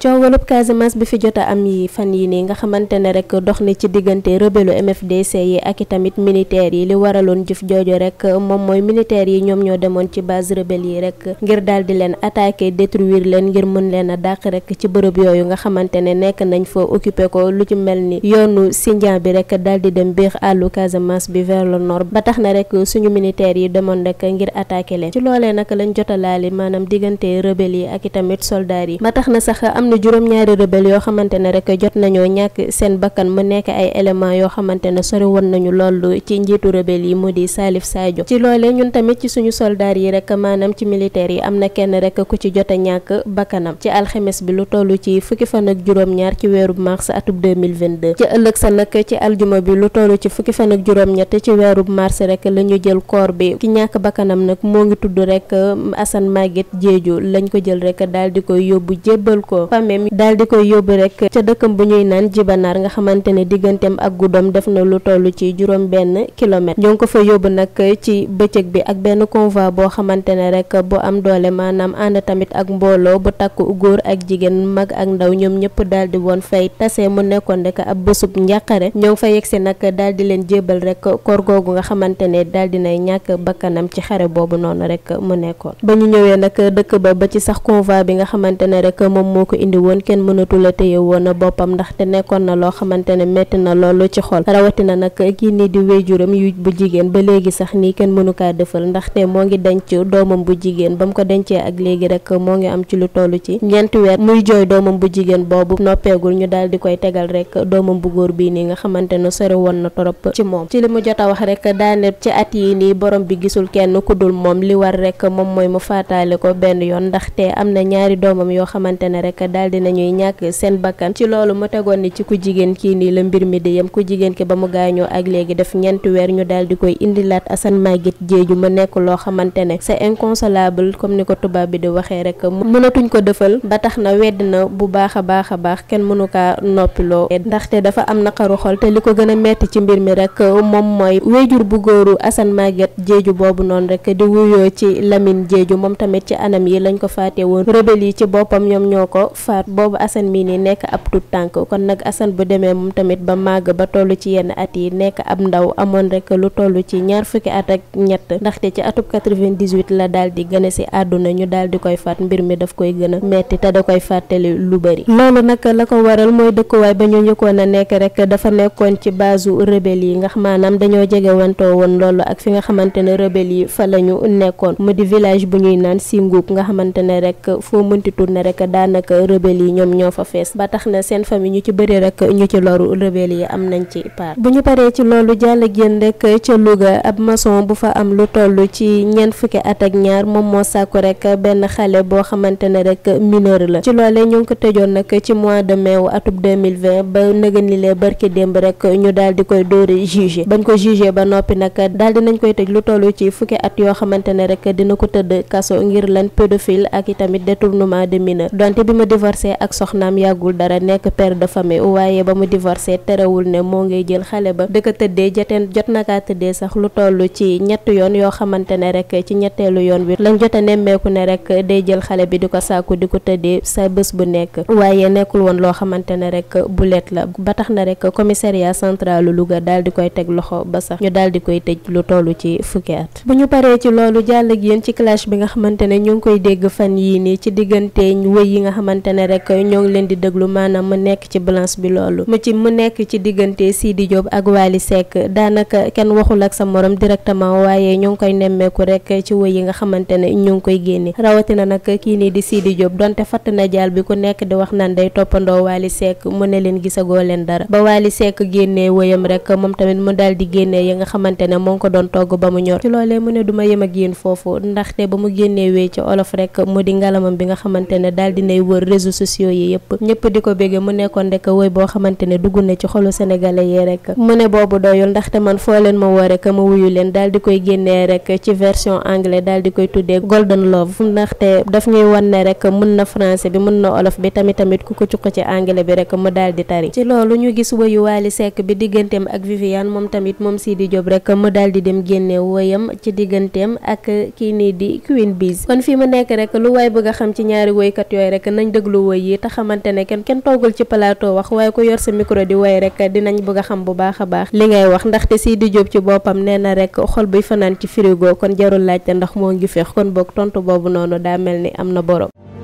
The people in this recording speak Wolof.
coowalub Casamance bi fi jot a am yi fan yi nii nga xamante ne rek dox na ci diggante rebelu MFDC yi ak i tamit militaires yi li waraloon jëf joojoo rek moom mooy militaires yi ñoom ñoo demoon ci base rebelle yi rek ngir daal di leen attaquer détruire leen ngir mën leen a dàq rek ci bërëb yooyu nga xamante ne nekk nañ fo occuper ko lu ci mel ni yoonu Sindian bi rek daal di dem biir àllu Casamance bi vers le ba tax na rek suñu militaires yi demoon rek ngir attaquer leen ci loolee nag lañ jotalaali maanaam diggante rebelle yi ak i tamit soldats yi am na rebelle yoo xamante ne rek jot nañoo ñàkk seen bakkan mu nekk ay éléments yoo xamante ne sori woon nañu loolu ci njiitu rebelle yi mu di Salif Sadio ci loolee ñun tamit ci suñu soldaar yi rek maanaam ci militaire yi am na kenn rek ku ci jot a ñàkk bakkanam ci alxemes bi lu toll ci fukki fan ak juróom-ñaar ci weeru mars atub 2022 ci ëllëg sa nag ci aljuma bi lu toll ci fukki fan ak ñett ci weeru mars rek lañu jël koor bi ki ñàkk bakkanam nag moo ngi tudd rek Assane màgget Diédhiou lañ ko jël rek daal di koy yóbbu jébbal ko famem daal di koy yóbbu rek ca dëkkam bu ñuy naan jibanaar nga xamante ne digganteem ak guddoom def na lu toll ci juróom benn kilomètre ñoo ngi ko fa yóbbu nag ci bëccëg bi ak benn convoi boo xamante ne rek bu am doole maanaam ànd tamit ak mbooloo bu takku góor ak jigéen mag ak ndaw ñoom ñëpp daal di woon fay tase mu nekkoon rek ab bésub njàqare ñoo ngi fa yegsi nag daal di leen jébal rek koor googu nga xamante ne daal di nay ñàkk bakkanam ci xare boobu noonu rek mu nekkoon ba ñu ñëwee nag dëkk indi woon kenn mënatula téye woon boppam ndaxte nekkoon na loo xamante ne métti na loolu ci xol rawatina nag kii nii di wéyjuram yu bu jigéen ba léegi sax nii kenn mënu kaa defal ndaxte moo ngi denc doomam bu jigéen ba mu ko dencee ak léegi rek moo ngi am ci lu toll ci ñeenti weer muy jooy doomam bu jigéen boobu noppeegul ñu daal di koy tegal rek doomam bu góor bii nii nga xamante ne sori woon na torop ci moom ci li mu jot a wax rek daane ci at yi nii borom bi gisul kenn ku dul moom li war rek moom mooy mu faataale ko benn yoon ndaxte am na ñaari doomam yoo xamante ne rek daal di nañuy ñàkk seen bakkan ci loolu mu tegoon ni ci ku jigéen kii nii la mbir mi di yem ku jigéen ki ba mu gaañoo ak léegi def ñeenti weer ñu daal di koy indilaat Assane Maguette Diédhiou mu nekk loo xamante ne c'est inconsolable comme ni ko tubaab bi di waxee rek mënatuñ ko dëfal ba tax na wedd na bu baax a baax a baax kenn mënu kaa noppiloo ndaxte dafa am naqaru xol te li ko gën a metti ci mbir mi rek moom mooy wéjur bu góoru Assane Maguette Diédhiou boobu noonu rek di wuyoo ci Lamine Diédhiou moom tamit ci anam yi lañ ko faate faat boobu Assane mii nii nekk ab tut tànk kon nag Assane bu demee moom tamit ba màgg ba toll ci yenn at yi nekk ab ndaw amoon rek lu toll ci ñaar fukki at ak ñett ndaxte ci atub 98 la daal di a si àdduna ñu daal koy faat mbir mi daf koy gën a metti te da koy fàttali lu bëri loolu nag la ko waral mooy dëkkuwaay ba ñu njëkkoon a nekk rek dafa nekkoon ci baasu rebelle yi nga maanaam dañoo jege wantoo woon loolu ak fi nga xamante ne rebelle yi fa la nekkoon rebelle yi ñoom ñoo fa fees ba tax na seen famille ñu ci bëri rek ñu ci loru rebelle yi am nañ ci part bu ñu paree ci loolu jàll génn rek ca Louga ab mason bu fa am lu toll ci ñeent fukki at ak ñaar moom moo sàkku rek benn xale boo xamante ne rek mineur la ci loolee ñoo ngi ko tëjoon nag ci mois de mai wu atub 2020 ba nëganilee barki démb rek ñu daal di koy dóori jugé bañ ko jugé ba noppi nag daal nañ koy tëj lu toll ci fukki at yoo xamante ne rek dina ko tëdd kaso ngir lan pédophile ak itamit détournement de mineur donte bi divorcé ak soxnaam yàggul dara nekk père de famille waaye ba mu divorcé terewul ne moo ngay jël xale ba sax lu toll ci ñetti yoon yoo xamante ne rek ci ñetteelu yoon bi lañ jote nemmeeku ne rek day jël xale bi di ko sàkku di ko tëddee sa bés bu nekk waaye nekkul woon loo xamante ne rek bu leet la ba tax na rek commissariat central Louga daal koy teg loxo ba sax ñu daal di koy tëj lu toll ci fukki at bu ñu paree ci loolu jàll ak ci clash bi nga xamante ne ñu ngi koy dégg fan yii nii ci diggante wëy yi nga xamante ne rek ñoo ngi leen di déglu maanaam mu nekk ci balance bi loolu mu ci mu nekk ci diggante Sidi Diop ak Wally Seck daanaka kenn waxul ak sa morom directement waaye ñoo ngi koy nemmeeku rek ci woy yi nga xamante ne ñu ngi koy génne rawatina nag kii nii di Sidi Diop donte fatt na jaal bi ku nekk di wax naan day toppandoo Wally Seck mu ne leen gisagoo leen dara ba Wally Seck génnee woyam rek moom tamit mu daal di génnee yi nga xamante ne moo ngi ko doon togg ba mu mu ne du ma yem ak yéen foofu ndaxte ba mu génnee wee ci olof rek mu di ngalamam bi nga xamante ne réseaux sociaux yi yëpp ñëpp di ko béggee mu nekkoon rek woy boo mu ne ma woo rek bi mun na olof bi tamit tamit ku ko ci ko ci anglais bi rek mu daal di tari ci loolu ñu gis woyu Wally Seck bi digganteem ak Viviane moom tamit moom Sidi Diop rek mu daal di dem génnee woyam ci kii nii di Queen Biz kon fi mu nekk rek lu waay bëgg a xam ci ñaari woykat yooyu rek nañ dëgg lu woy yi te xamante ne kenn kenn toogul ci plateau wax waaye ko yor sa micro di woy rek dinañ bëgg a xam bu baax a baax li ngay wax ndaxte di Diop ci boppam nee na rek xol buy fanaan ci frigo kon jarul laajte ndax moo ngi féex kon boog tontu boobu noonu daa mel ni am na borom